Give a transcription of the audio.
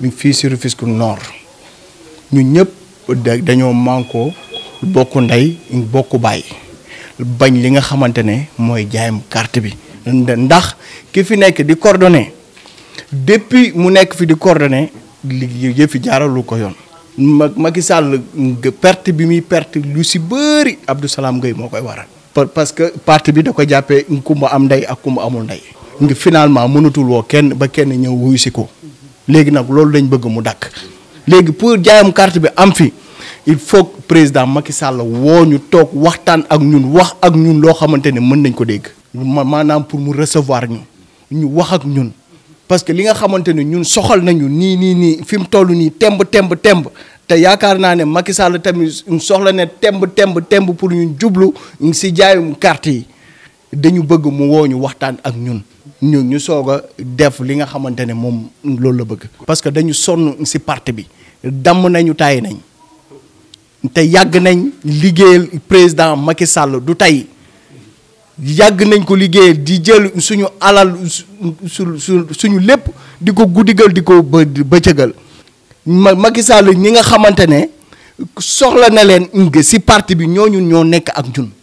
mi fi service nor. Nord ñun ñep dañu manko bokku nday bokku bay bañ li nga xamantene moy jaayam carte bi ndax ki fi nek di coordonner depuis mu nek fi di coordonné li yëfi jaaralu ko yon Macky Sall perte bi mi perte lu ci beuri Abdou Salam Gueye mo koy waral parce que parti bi da ko jappé kumba am nday ak kumba amul nday nga finalement mënutul wo kenn ba kenn ñew wuy si ko léegi nag loolu dañ bëgg mu dakk léegi pour jaayam carte bi am fi il faut que président Macky Sall woo ñu toog waxtaan ak ñun wax ak ñun loo xamante ne mën nañ ko dégg. maanaam pour mu recevoir ñu ñu wax ak ñun parce que li nga xamante ne ñun soxal nañu nii nii nii fi mu toll nii temb temb temb te yaakaar naa ne Macky Sall tamit soxla ne temb temb temb pour ñu jublu si jaayum carte yi. dañu bëgg mu woo ñu waxtaan ak ñun ñun ñu soog a def li nga xamante ne moom loolu la bëgg parce que dañu sonn si parti bi damm nañu tàyyi nañ te yàgg nañ liggéeyal président Macky Sall du tey yàgg nañ ko liggéeyal di jël suñu alal su suñu lépp di ko guddigal di ko bëccëgal ma Macky Sall ñi nga xamante ne soxla na leen si parti bi ñooñu ñoo nekk ak ñun